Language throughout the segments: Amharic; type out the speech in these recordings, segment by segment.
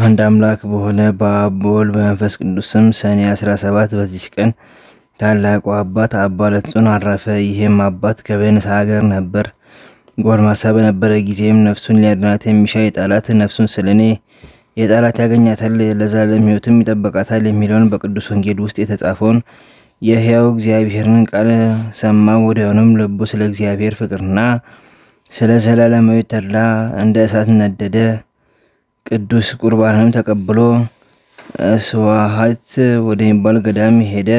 አንድ አምላክ በሆነ በአብ በወልድ በመንፈስ ቅዱስ ስም ሰኔ 17 በዚች ቀን ታላቁ አባት አባ ለትጹን አረፈ። ይህም አባት ከበንስ ሀገር ነበር። ጎልማሳ በነበረ ጊዜም ነፍሱን ሊያድናት የሚሻ የጠላት ነፍሱን ስለ እኔ የጠላት ያገኛታል ለዘላለም ሕይወትም ይጠበቃታል የሚለውን በቅዱስ ወንጌል ውስጥ የተጻፈውን የሕያው እግዚአብሔርን ቃል ሰማ። ወዲያውኑም ልቡ ስለ እግዚአብሔር ፍቅርና ስለ ዘላለማዊ ተድላ እንደ እሳት ነደደ። ቅዱስ ቁርባንም ተቀብሎ ስዋሀት ወደሚባል ገዳም ሄደ።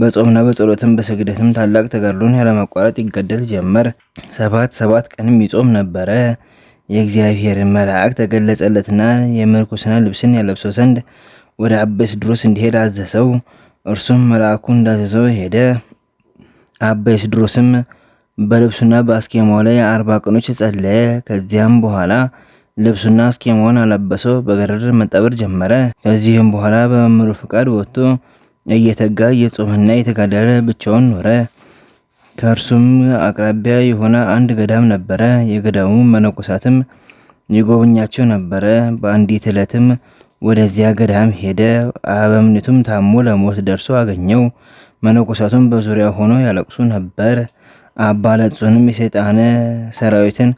በጾምና በጸሎትም በስግደትም ታላቅ ተጋድሎን ያለማቋረጥ ይገደል ጀመር። ሰባት ሰባት ቀንም ይጾም ነበረ። የእግዚአብሔር መልአክ ተገለጸለትና የምርኩስና ልብስን ያለብሰው ዘንድ ወደ አበስ ድሮስ እንዲሄድ አዘሰው። እርሱም መልአኩ እንዳዘዘው ሄደ። አባ ድሮስም በልብሱና በአስኬማው ላይ አርባ ቀኖች ጸለየ። ከዚያም በኋላ ልብሱና እስኪሞን አለበሰው፣ በገረድ መጠበር ጀመረ። ከዚህም በኋላ በመምህሩ ፍቃድ ወጥቶ እየተጋ እየጾመና እየተጋደለ ብቻውን ኖረ። ከእርሱም አቅራቢያ የሆነ አንድ ገዳም ነበረ። የገዳሙ መነኮሳትም ይጎበኛቸው ነበረ። በአንዲት ዕለትም ወደዚያ ገዳም ሄደ። አበምኔቱም ታሞ ለሞት ደርሶ አገኘው። መነኮሳቱም በዙሪያ ሆኖ ያለቅሱ ነበር። አባ ለጹንም የሰይጣን ሰራዊትን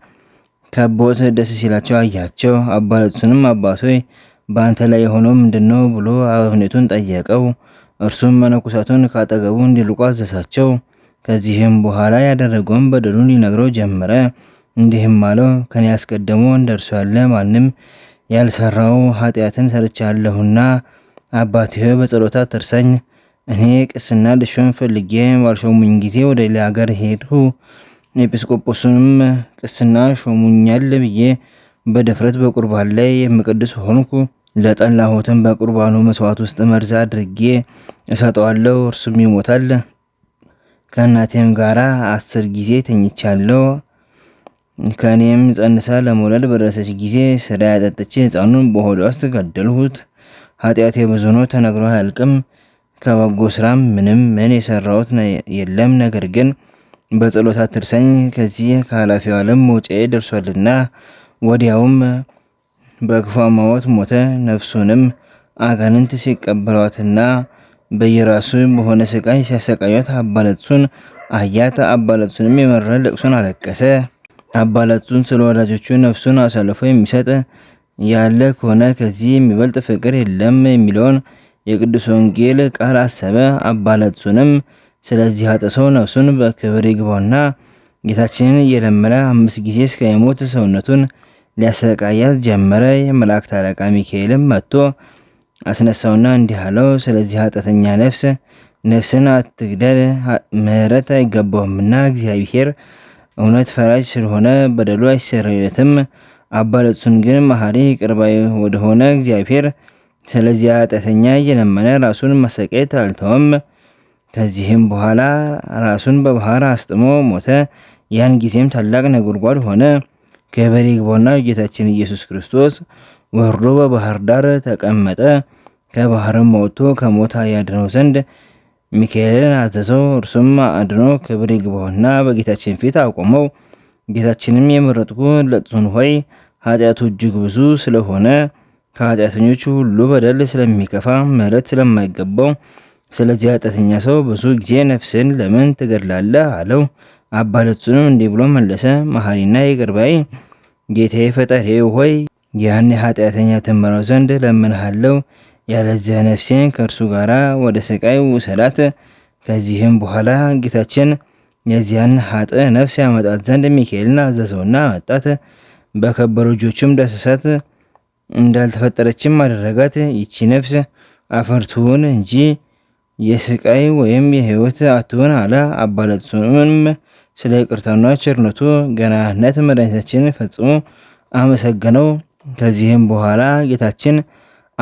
ከቦት ደስ ሲላቸው አያቸው። አባለቱንም አባት ሆይ በአንተ ላይ የሆነው ምንድነው? ብሎ አበምኔቱን ጠየቀው። እርሱም መነኮሳቱን ካጠገቡ እንዲልቁ አዘዛቸው። ከዚህም በኋላ ያደረገውን በደሉን ሊነግረው ጀመረ። እንዲህም አለው፣ ከኔ አስቀድሞ እንደርሱ ያለ ማንም ያልሰራው ኃጢአትን ሰርቻለሁና አባቴ በጸሎታ ትርሰኝ። እኔ ቅስና ልሾም ፈልጌ ባልሾሙኝ ጊዜ ወደ ሌላ ሀገር ሄድሁ። ኤጲስቆጶስንም ቅስና ሾሙኛል ብዬ በድፍረት በቁርባን ላይ የምቅድስ ሆንኩ። ለጠላሁትም በቁርባኑ መስዋዕት ውስጥ መርዝ አድርጌ እሰጠዋለሁ፣ እርሱም ይሞታል። ከእናቴም ጋር አስር ጊዜ ተኝቻለሁ። ከእኔም ጸንሳ ለመውለድ በደረሰች ጊዜ ስራ ያጠጥቼ ሕፃኑን በሆዷ ውስጥ ገደልሁት። ኃጢአቴ ብዙ ነው፣ ተነግሮ አያልቅም። ከበጎ ስራም ምንም ምን የሰራሁት የለም ነገር ግን በጸሎት ትርሰኝ ከዚህ ከኃላፊው ዓለም መውጫዬ ደርሷልና። ወዲያውም በክፉ አሟሟት ሞተ። ነፍሱንም አጋንንት ሲቀበሏትና በየራሱ በሆነ ስቃይ ሲያሰቃዩት አባለጹን አያት። አባለጹንም የመረረ ልቅሶን አለቀሰ። አባለጹን ስለ ወዳጆቹ ነፍሱን አሳልፎ የሚሰጥ ያለ ከሆነ ከዚህ የሚበልጥ ፍቅር የለም የሚለውን የቅዱስ ወንጌል ቃል አሰበ። አባለጹንም ስለዚህ ኃጥ ሰው ነፍሱን በክብር ይግባውና ጌታችንን እየለመነ አምስት ጊዜ እስከሚሞት ሰውነቱን ሊያሰቃያት ጀመረ። የመላእክት አለቃ ሚካኤልም መጥቶ አስነሳውና እንዲህ አለው፣ ስለዚህ ኃጢአተኛ ነፍስ ነፍስን አትግደል፣ ምሕረት አይገባውምና እግዚአብሔር እውነት ፈራጅ ስለሆነ በደሉ አይሰረይለትም። አባለጹን ግን መሐሪ ቅርባዊ ወደሆነ እግዚአብሔር ስለዚህ ኃጢአተኛ እየለመነ ራሱን ማሰቃየት አልተወም። ከዚህም በኋላ ራሱን በባህር አስጥሞ ሞተ። ያን ጊዜም ታላቅ ነጎድጓድ ሆነ። ክብር ይግባውና ጌታችን ኢየሱስ ክርስቶስ ወርዶ በባህር ዳር ተቀመጠ። ከባህርም ወጥቶ ከሞት ያድነው ዘንድ ሚካኤልን አዘዘው። እርሱም አድኖ ክብር ይግባውና በጌታችን ፊት አቆመው። ጌታችንም የመረጥኩ ለጽን ሆይ ኃጢአቱ እጅግ ብዙ ስለሆነ ከኃጢአተኞቹ ሁሉ በደል ስለሚከፋ ምሕረት ስለማይገባው ስለዚህ ኃጢአተኛ ሰው ብዙ ጊዜ ነፍስን ለምን ትገድላለህ? አለው። አባ ልትጹንም እንዲህ ብሎ መለሰ። መሐሪና ይቅር ባይ ጌታዬ ፈጣሪ ሆይ ያን ኃጢአተኛ ትምረው ዘንድ ለምንሃለው። ያለዚያ ነፍሴን ከእርሱ ጋር ወደ ስቃይ ውሰዳት። ከዚህም በኋላ ጌታችን የዚያን ሀጥ ነፍስ ያመጣት ዘንድ ሚካኤልን አዘዘውና አመጣት። በከበሩ እጆቹም ደስሳት እንዳልተፈጠረችም አደረጋት። ይቺ ነፍስ አፈርቱን እንጂ የስቃይ ወይም የህይወት አትሁን አለ። አባለጹንም ስለ ቅርታና ቸርነቱ ገናነት መድኃኒታችን ፈጽሞ አመሰገነው። ከዚህም በኋላ ጌታችን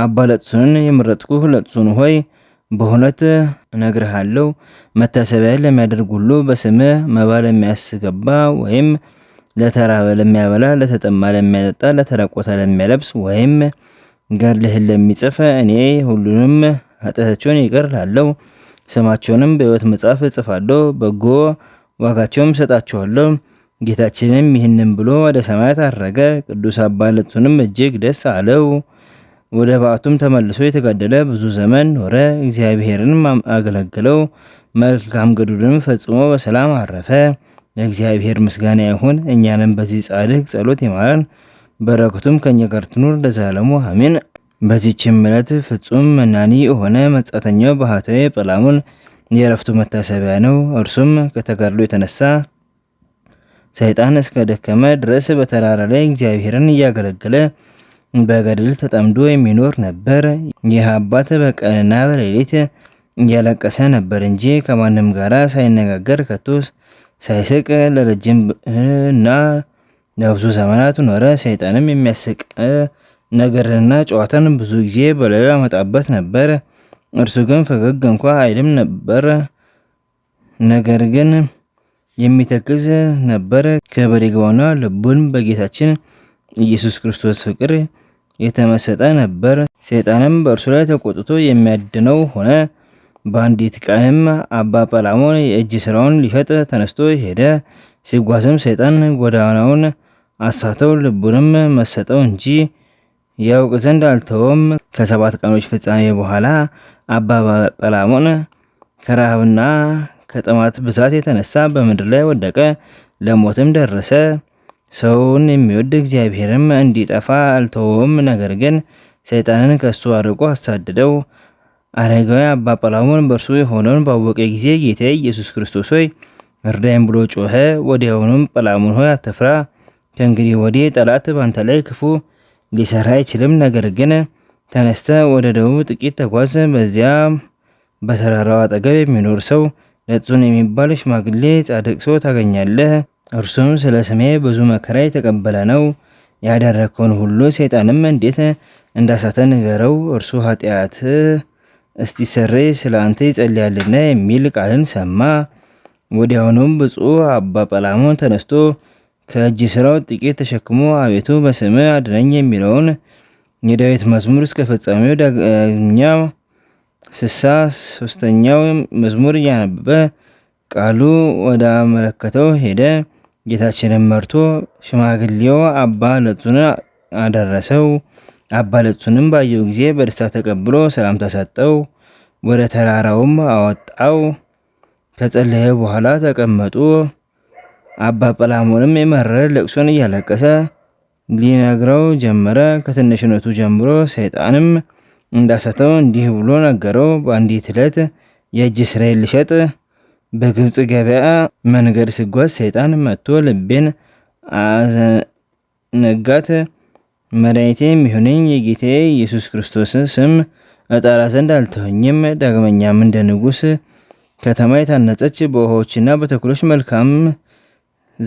አባለጹንን የመረጥኩ ለጹን ሆይ በእውነት እነግርሃለሁ መታሰቢያ ለሚያደርግ ሁሉ በስምህ መባ ለሚያስገባ ወይም ለተራበ ለሚያበላ፣ ለተጠማ ለሚያጠጣ፣ ለተራቆተ ለሚያለብስ ወይም ገድልህን ለሚጽፍ እኔ ሁሉንም ኃጢአታቸውን ይቅር ላለው ስማቸውንም በሕይወት መጽሐፍ እጽፋለሁ፣ በጎ ዋጋቸውም እሰጣቸዋለሁ። ጌታችንም ይህንን ብሎ ወደ ሰማያት አረገ። ቅዱስ አባ እጅግ ደስ አለው። ወደ በዓቱም ተመልሶ የተጋደለ ብዙ ዘመን ኖረ። እግዚአብሔርንም አገለግለው መልካም ገዱንም ፈጽሞ በሰላም አረፈ። ለእግዚአብሔር ምስጋና ይሁን። እኛንም በዚህ ጻድቅ ጸሎት ይማረን፣ በረከቱም ከኛ ጋር ትኑር ለዘላለሙ አሜን። በዚህችም ዕለት ፍጹም መናኒ የሆነ መጻተኛው ባህታዊ ጰላሞን የእረፍቱ መታሰቢያ ነው። እርሱም ከተጋድሎ የተነሳ ሰይጣን እስከ ደከመ ድረስ በተራራ ላይ እግዚአብሔርን እያገለገለ በገድል ተጠምዶ የሚኖር ነበር። ይህ አባት በቀንና በሌሊት እያለቀሰ ነበር እንጂ ከማንም ጋር ሳይነጋገር ከቶ ሳይስቅ ለረጅም እና ለብዙ ዘመናት ኖረ። ሰይጣንም የሚያስቅ ነገርንና ጨዋታን ብዙ ጊዜ በላዩ ያመጣበት ነበር። እርሱ ግን ፈገግ እንኳ አይልም ነበር፣ ነገር ግን የሚተክዝ ነበር። ክብር ይግባውና ልቡን በጌታችን ኢየሱስ ክርስቶስ ፍቅር የተመሰጠ ነበር። ሰይጣንም በእርሱ ላይ ተቆጥቶ የሚያድነው ሆነ። በአንዲት ቀንም አባ ጳላሞን የእጅ ስራውን ሊሸጥ ተነስቶ ሄደ። ሲጓዝም ሰይጣን ጎዳናውን አሳተው ልቡንም መሰጠው እንጂ ያውቅ ዘንድ አልተወም። ከሰባት ቀኖች ፍጻሜ በኋላ አባ በላሞን ከረሃብና ከጥማት ብዛት የተነሳ በምድር ላይ ወደቀ፣ ለሞትም ደረሰ። ሰውን የሚወድ እግዚአብሔርም እንዲጠፋ አልተወም ነገር ግን ሰይጣንን ከሱ አርቆ አሳደደው። አረጋዊ አባ ጳላሞን በእርሱ የሆነውን ባወቀ ጊዜ ጌታ ኢየሱስ ክርስቶስ ሆይ እርዳኝ ብሎ ጮኸ። ወዲያውኑም ጳላሞን ሆይ አትፍራ፣ ከእንግዲህ ወዲህ ጠላት ባንተ ላይ ክፉ ሊሰራ አይችልም። ነገር ግን ተነስተ ወደ ደቡብ ጥቂት ተጓዝ። በዚያ በተራራው አጠገብ የሚኖር ሰው ለጹን የሚባል ሽማግሌ ጻድቅ ሰው ታገኛለህ። እርሱም ስለ ስሜ ብዙ መከራ የተቀበለ ነው። ያደረግከውን ሁሉ ሰይጣንም እንዴት እንዳሳተ ንገረው፣ እርሱ ኃጢአት እስቲሰሬ ስለ አንተ ይጸልያልና የሚል ቃልን ሰማ። ወዲያውኑም ብፁዕ አባ ጳላሞን ተነስቶ ከእጅ ስራው ጥቂት ተሸክሞ አቤቱ በስም አድነኝ የሚለውን የዳዊት መዝሙር እስከ ፈጻሚው ዳግመኛ ስሳ ሶስተኛው መዝሙር እያነበበ ቃሉ ወደ አመለከተው ሄደ። ጌታችንን መርቶ ሽማግሌው አባ ለጹን አደረሰው። አባ ለጹንም ባየው ጊዜ በደስታ ተቀብሎ ሰላም ተሰጠው ወደ ተራራውም አወጣው። ከጸለየ በኋላ ተቀመጡ። አባ ጰላሞንም የመረረ ለቅሶን እያለቀሰ ሊነግረው ጀመረ። ከትንሽነቱ ጀምሮ ሰይጣንም እንዳሰተው እንዲህ ብሎ ነገረው። በአንዲት ዕለት የእጅ ስራዬን ልሸጥ በግብፅ ገበያ መንገድ ስጓዝ ሰይጣን መጥቶ ልቤን አዘነጋት። መድኃኒቴ የሚሆነኝ የጌቴ ኢየሱስ ክርስቶስ ስም እጠራ ዘንድ አልተወኝም። ዳግመኛም እንደ ንጉሥ ከተማ የታነጸች በውሃዎችና በተክሎች መልካም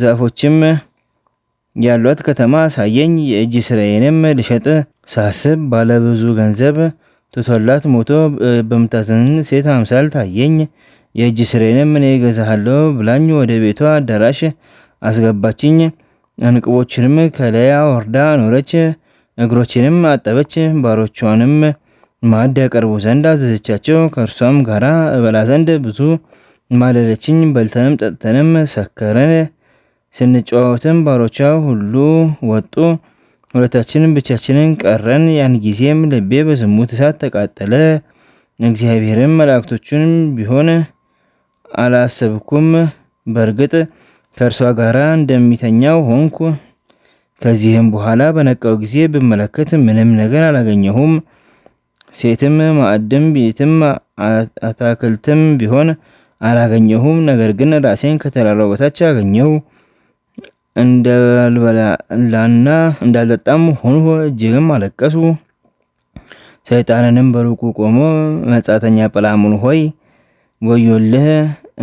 ዛፎችም ያሏት ከተማ ሳየኝ የእጅ ስራዬንም ልሸጥ ሳስብ ባለብዙ ገንዘብ ትቶላት ሞቶ በምታዘን ሴት አምሳል ታየኝ። የእጅ ስሬንም እኔ ገዛሃለሁ ብላኝ ወደ ቤቷ አዳራሽ አስገባችኝ። እንቅቦችንም ከላያ ወርዳ ኖረች፣ እግሮችንም አጠበች። ባሮቿንም ማዕድ ያቀርቡ ዘንድ አዘዘቻቸው። ከእርሷም ጋራ እበላ ዘንድ ብዙ ማለለችኝ። በልተንም ጠጥተንም ሰከረን። ስንጫወትም ባሮቻ ሁሉ ወጡ፣ ሁለታችንም ብቻችንን ቀረን። ያን ጊዜም ልቤ በዝሙት እሳት ተቃጠለ። እግዚአብሔርም መላእክቶቹን ቢሆን አላሰብኩም፣ በእርግጥ ከእርሷ ጋር እንደሚተኛው ሆንኩ። ከዚህም በኋላ በነቃው ጊዜ ብመለከት ምንም ነገር አላገኘሁም። ሴትም ማዕድም ቤትም አታክልትም ቢሆን አላገኘሁም። ነገር ግን ራሴን ከተራራው በታች አገኘሁ። እንዳልበላና እንዳልጠጣም ሆኑ እጅግም አለቀሱ። ሰይጣንንም በሩቁ ቆሞ መጻተኛ ጰላሞን ሆይ ወዮልህ፣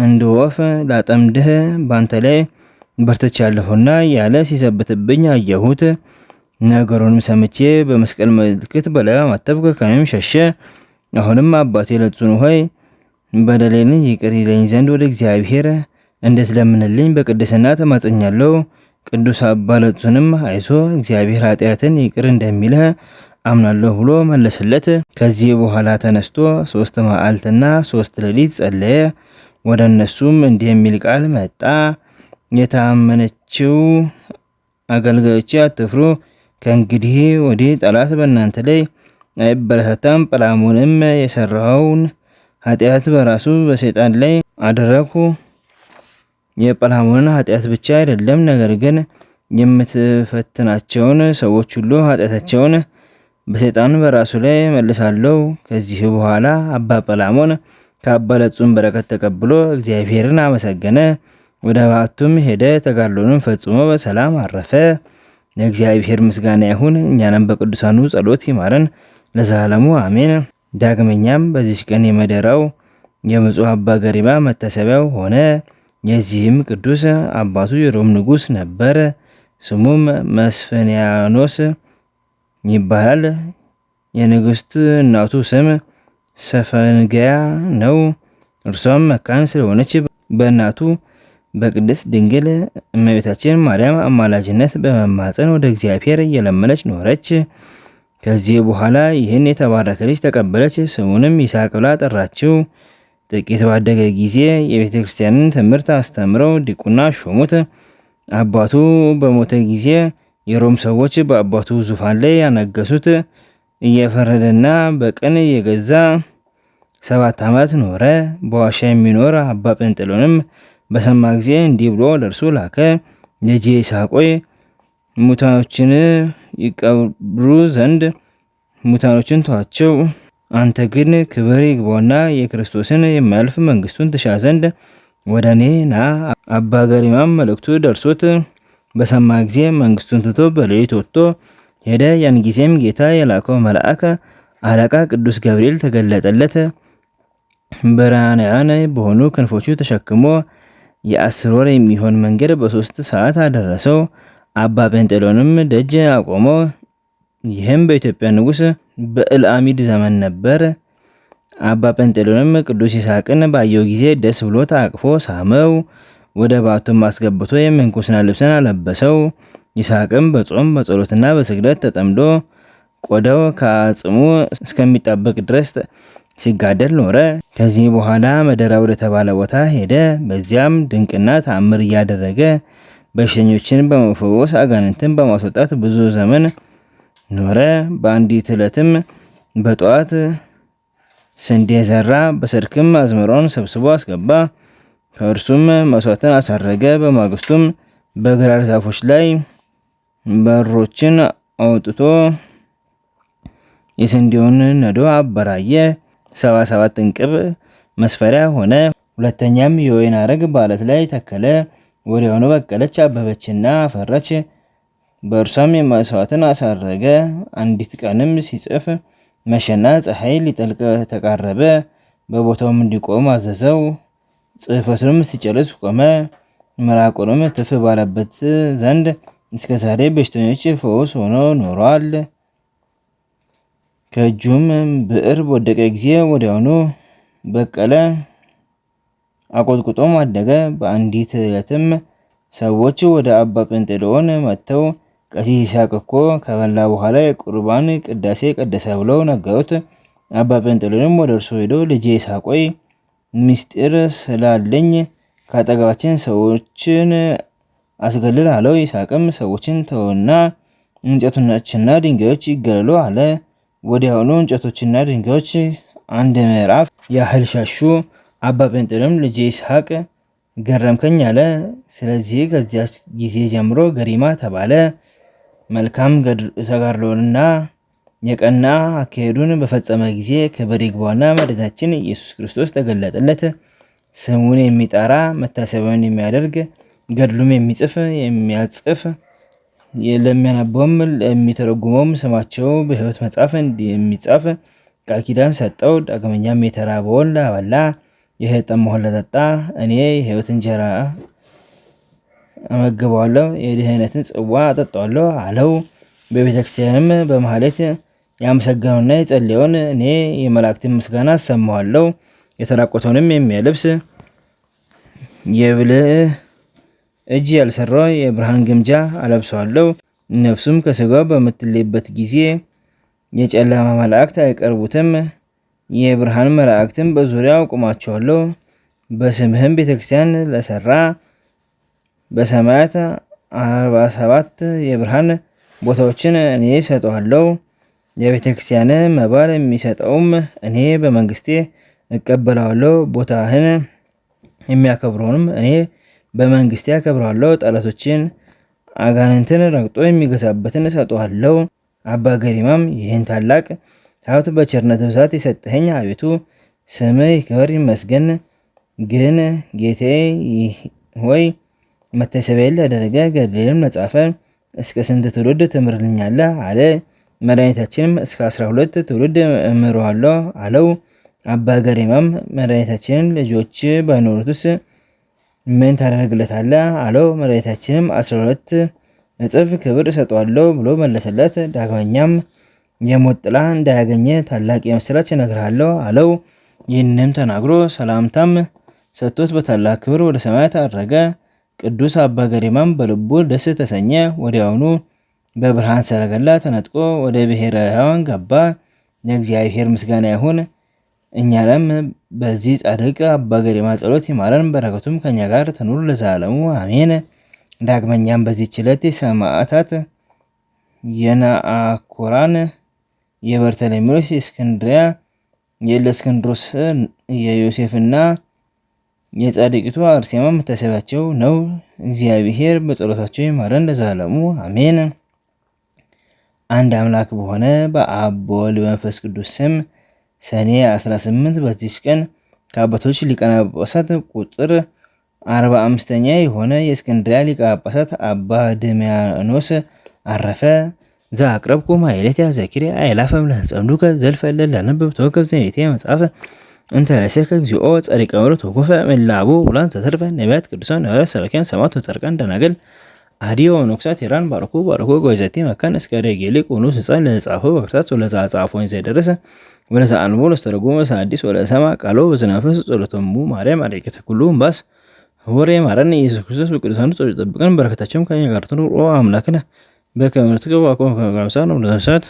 እንደ ወፍ ላጠምድህ ባንተ ላይ በርትቻለሁና ያለ ሲሰብትብኝ አየሁት። ነገሩንም ሰምቼ በመስቀል ምልክት በላዩ ማተብክ፣ ከኔም ሸሸ። አሁንም አባቴ ለጹን ሆይ በደሌን ይቅር ይለኝ ዘንድ ወደ እግዚአብሔር እንደስለምንልኝ በቅድስና ተማጸኛለሁ። ቅዱስ አባ ለቱስንም እግዚአብሔር ኃጢአትን ይቅር እንደሚልህ አምናለሁ ብሎ መለሰለት። ከዚህ በኋላ ተነስቶ ሶስት መዓልትና ሶስት ሌሊት ጸለየ። ወደ እነሱም እንዲህ የሚል ቃል መጣ። የታመነችው አገልጋዮች አትፍሩ፣ ከእንግዲህ ወዲህ ጠላት በእናንተ ላይ አይበረታታም። ጳላሞንም የሰራውን ኃጢአት በራሱ በሰይጣን ላይ አደረግሁ። የጳላሞንን ኃጢአት ብቻ አይደለም፣ ነገር ግን የምትፈትናቸውን ሰዎች ሁሉ ኃጢአታቸውን በሰይጣን በራሱ ላይ መልሳለው። ከዚህ በኋላ አባ ጳላሞን ከአባ ለጹን በረከት ተቀብሎ እግዚአብሔርን አመሰገነ። ወደ ባቱም ሄደ። ተጋድሎንም ፈጽሞ በሰላም አረፈ። ለእግዚአብሔር ምስጋና ይሁን፣ እኛንም በቅዱሳኑ ጸሎት ይማረን ለዘላለሙ አሜን። ዳግመኛም በዚች ቀን የመደራው የብፁዕ አባ ገሪማ መታሰቢያው ሆነ። የዚህም ቅዱስ አባቱ የሮም ንጉስ ነበር። ስሙም መስፈንያኖስ ይባላል። የንግስት እናቱ ስም ሰፈንገያ ነው። እርሷም መካን ስለሆነች በእናቱ በቅድስት ድንግል እመቤታችን ማርያም አማላጅነት በመማፀን ወደ እግዚአብሔር እየለመነች ኖረች። ከዚህ በኋላ ይህን የተባረከ ልጅ ተቀበለች። ስሙንም ይስሐቅ ብላ ጠራችው። ጥቂት ባደገ ጊዜ የቤተ ክርስቲያንን ትምህርት አስተምረው ዲቁና ሾሙት። አባቱ በሞተ ጊዜ የሮም ሰዎች በአባቱ ዙፋን ላይ ያነገሱት። እየፈረደና በቅን የገዛ ሰባት ዓመት ኖረ። በዋሻ የሚኖር አባ ጴንጥሎንም በሰማ ጊዜ እንዲህ ብሎ ለእርሱ ላከ። ልጄ ሳቆይ ሙታኖችን ይቀብሩ ዘንድ ሙታኖችን ተዋቸው አንተ ግን ክብር ይግባውና የክርስቶስን የማያልፍ መንግስቱን ትሻ ዘንድ ወደ እኔ ና። አባ ገሪማም መልእክቱ ደርሶት በሰማ ጊዜ መንግስቱን ትቶ በሌሊት ወጥቶ ሄደ። ያን ጊዜም ጌታ የላከው መልአክ አለቃ ቅዱስ ገብርኤል ተገለጠለት። ብርሃናያን በሆኑ ክንፎቹ ተሸክሞ የአስር ወር የሚሆን መንገድ በሶስት ሰዓት አደረሰው። አባ ጴንጤሎንም ደጅ አቆመው። ይህም በኢትዮጵያ ንጉስ በእልአሚድ ዘመን ነበር። አባ ጴንጤሎንም ቅዱስ ይስሐቅን ባየው ጊዜ ደስ ብሎት አቅፎ ሳመው፣ ወደ ባቱም አስገብቶ የምንኩስና ልብስን አለበሰው። ይስሐቅም በጾም በጸሎትና በስግደት ተጠምዶ ቆዳው ከአጽሙ እስከሚጣበቅ ድረስ ሲጋደል ኖረ። ከዚህ በኋላ መደራ ወደ ተባለ ቦታ ሄደ። በዚያም ድንቅና ተአምር እያደረገ በሽተኞችን በመፈወስ አጋንንትን በማስወጣት ብዙ ዘመን ኖረ። በአንዲት ዕለትም በጠዋት ስንዴ ዘራ፣ በሰርክም አዝመራውን ሰብስቦ አስገባ። ከእርሱም መስዋዕትን አሳረገ። በማግስቱም በግራር ዛፎች ላይ በሮችን አውጥቶ የስንዴውን ነዶ አበራየ። ሰባ ሰባት እንቅብ መስፈሪያ ሆነ። ሁለተኛም የወይን አረግ በዓለት ላይ ተከለ። ወዲያውኑ በቀለች፣ አበበችና አፈራች። በእርሷም የመስዋዕትን አሳረገ። አንዲት ቀንም ሲጽፍ መሸና ፀሐይ ሊጠልቅ ተቃረበ። በቦታውም እንዲቆም አዘዘው። ጽሕፈቱንም ሲጨርስ ቆመ። ምራቁንም ትፍ ባለበት ዘንድ እስከ ዛሬ በሽተኞች ፈውስ ሆኖ ኖሯል። ከእጁም ብዕር በወደቀ ጊዜ ወዲያውኑ በቀለ፣ አቆጥቁጦም አደገ። በአንዲት ዕለትም ሰዎች ወደ አባ ጴንጤሎን መጥተው ቀሲስ ይስሐቅ እኮ ከበላ በኋላ የቁርባን ቅዳሴ ቀደሰ ብለው ነገሩት። አባ ጴንጥሌንም ወደ እርሱ ሄዶ ልጄ ይስሐቅ ሆይ ምስጢር ስላለኝ ከአጠገባችን ሰዎችን አስገልል አለው። ይስሐቅም ሰዎችን ተወና እንጨቶችና ድንጋዮች ይገለሉ አለ። ወዲያውኑ እንጨቶችና ድንጋዮች አንድ ምዕራፍ ያህል ሻሹ። አባ ጴንጥሌም ልጄ ይስሐቅ ገረምከኝ አለ። ስለዚህ ከዚያ ጊዜ ጀምሮ ገሪማ ተባለ። መልካም ተጋድሎውንና የቀና አካሄዱን በፈጸመ ጊዜ ክብር ይግባውና መድኃኒታችን ኢየሱስ ክርስቶስ ተገለጠለት። ስሙን የሚጠራ መታሰቢያውን የሚያደርግ ገድሉም የሚጽፍ የሚያጽፍ ለሚያነበውም ለሚተረጉመውም ስማቸው በሕይወት መጽሐፍ የሚጻፍ ቃል ኪዳን ሰጠው። ዳግመኛም የተራበውን ላበላ መሆን ለጠጣ እኔ የሕይወት እንጀራ እመግበዋለሁ፣ የድህነትን ጽዋ አጠጣዋለሁ አለው። በቤተክርስቲያንም ክርስቲያንም በማህሌት ያመሰገነውና የጸለየውን እኔ የመላእክትን ምስጋና አሰማዋለሁ። የተራቆተውንም የሚያለብስ የብልህ እጅ ያልሰራው የብርሃን ግምጃ አለብሰዋለሁ። ነፍሱም ከስጋው በምትለይበት ጊዜ የጨለማ መላእክት አይቀርቡትም፣ የብርሃን መላእክትም በዙሪያው አቁማቸዋለሁ። በስምህም ቤተክርስቲያን ለሰራ በሰማያት አርባ ሰባት የብርሃን ቦታዎችን እኔ ሰጠዋለሁ። የቤተ ክርስቲያን መባል የሚሰጠውም እኔ በመንግስቴ እቀበለዋለሁ። ቦታህን የሚያከብረውንም እኔ በመንግስቴ አከብረዋለሁ ጠላቶችን አጋንንትን ረግጦ የሚገዛበትን እሰጠዋለሁ። አባ ገሪማም ይህን ታላቅ ሀብት በቸርነት ብዛት የሰጠኸኝ አቤቱ ስምህ ይክበር ይመስገን። ግን ጌቴ ወይ መታሰቢያዬን ላደረገ ገድልንም ለጻፈ እስከ ስንት ትውልድ ትምርልኛለህ አለ። መድኃኒታችንም እስከ 12 ትውልድ እምረዋለሁ አለው። አባ ገሪማም መድኃኒታችንን ልጆች ባይኖሩትስ ምን ታደርግለታለህ አለው። መድኃኒታችንም 12 እጽፍ ክብር እሰጠዋለሁ ብሎ መለሰለት። ዳግመኛም የሞት ጥላ እንዳያገኘ ታላቅ የምስራች እነግርሃለሁ አለው። ይህንም ተናግሮ ሰላምታም ሰጥቶት በታላቅ ክብር ወደ ሰማያት አረገ። ቅዱስ አባ ገሪማም በልቡ ደስ ተሰኘ። ወዲያውኑ በብርሃን ሰረገላ ተነጥቆ ወደ ብሔረ ገባ። ለእግዚአብሔር ምስጋና ይሁን። እኛንም በዚህ ጻድቅ አባ ገሪማ ጸሎት ይማረን፣ በረከቱም ከኛ ጋር ትኑር ለዘላለሙ አሜን። ዳግመኛም በዚህ ችለት የሰማዕታት የነአኮራን፣ የበርተሎሜዎስ፣ የእስክንድርያ፣ የእለእስክንድሮስ፣ የዮሴፍና የጻድቂቱ አርሴማ መታሰቢያቸው ነው። እግዚአብሔር በጸሎታቸው ይማረን ለዘላለሙ አሜን። አንድ አምላክ በሆነ በአብ በወልድ በመንፈስ ቅዱስ ስም ሰኔ 18 በዚች ቀን ከአባቶች ሊቃነ ጳጳሳት ቁጥር 45ኛ የሆነ የእስክንድሪያ ሊቀ ጳጳሳት አባ ድሚያኖስ አረፈ። አቅረብ ማኅሌተ ዘኪርየ አእላፈ አይላፈም ዘልፈ እለ ለነብብ ተወከብ ዘኔቴ መጽሐፈ እንተ እንተነሴከ እግዚኦ ጸሪቀ ምሩት ወኮፈ ምላቡ ውላን ተተርፈ ነቢያት ቅዱሳን ነበረ ሰበኪያን ሰማዕት ወጻድቃን ደናግል አዲዮ ወነኩሳት ሄራን ባርኩ ባርኩ ጎይዘቲ መካን እስከ ደጌሊቅ ቁኑ ስጻን ለጻፈ ወክርታት ወለዛ ጻፎን ዘደረሰ ወለዛ አንቦ ለስተርጎመ ሳዲስ ወለሰማ ቃሎ በዝናፈስ ጸሎተሙ ማርያም አደቂተ ኩሉ እምባስ ወሬ ማረን ኢየሱስ ክርስቶስ በቅዱሳኑ ጸሎት ጠብቀን በረከታቸውም ከኛ ጋር ትኑር ኦ አምላክነ በከመ ንትቀበል ከመ በምሳሌ ነው ለዘመሳት